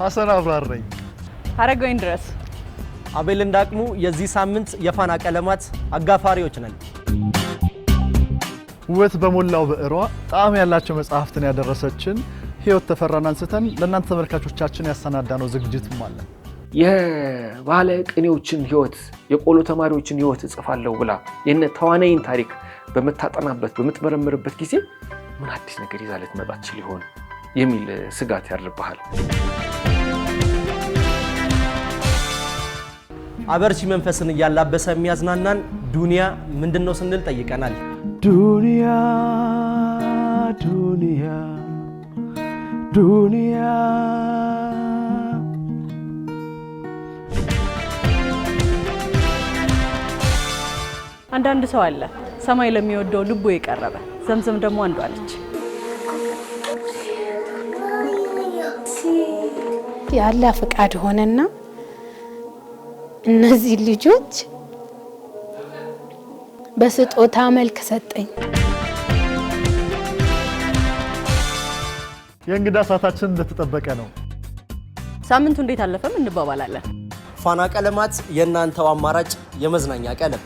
ሀሰን አብራር ነኝ። አረጋዊን ድረስ አቤል እንዳቅሙ የዚህ ሳምንት የፋና ቀለማት አጋፋሪዎች ነን። ውበት በሞላው ብዕሯ ጣዕም ያላቸው መጽሐፍትን ያደረሰችን ህይወት ተፈራን አንስተን ለእናንተ ተመልካቾቻችን ያሰናዳነው ዝግጅትም አለ። የባለ ቅኔዎችን ህይወት የቆሎ ተማሪዎችን ህይወት እጽፋለሁ ብላ የነ ተዋናይን ታሪክ በምታጠናበት በምትመረምርበት ጊዜ ምን አዲስ ነገር ይዛለት መጣች ሊሆን የሚል ስጋት ያድርብሃል። አበርቺ መንፈስን እያላበሰ የሚያዝናናን ዱንያ ምንድን ነው ስንል ጠይቀናል። ዱንያ ዱንያ ዱንያ አንዳንድ ሰው አለ ሰማይ ለሚወደው ልቡ የቀረበ ዘምዘም ደግሞ አንዷ አለች። የአላህ ፍቃድ ሆነና እነዚህ ልጆች በስጦታ መልክ ሰጠኝ። የእንግዳ ሰዓታችን እንደተጠበቀ ነው። ሳምንቱ እንዴት አለፈም እንባባላለን። ፋና ቀለማት የእናንተው አማራጭ የመዝናኛ ቀለም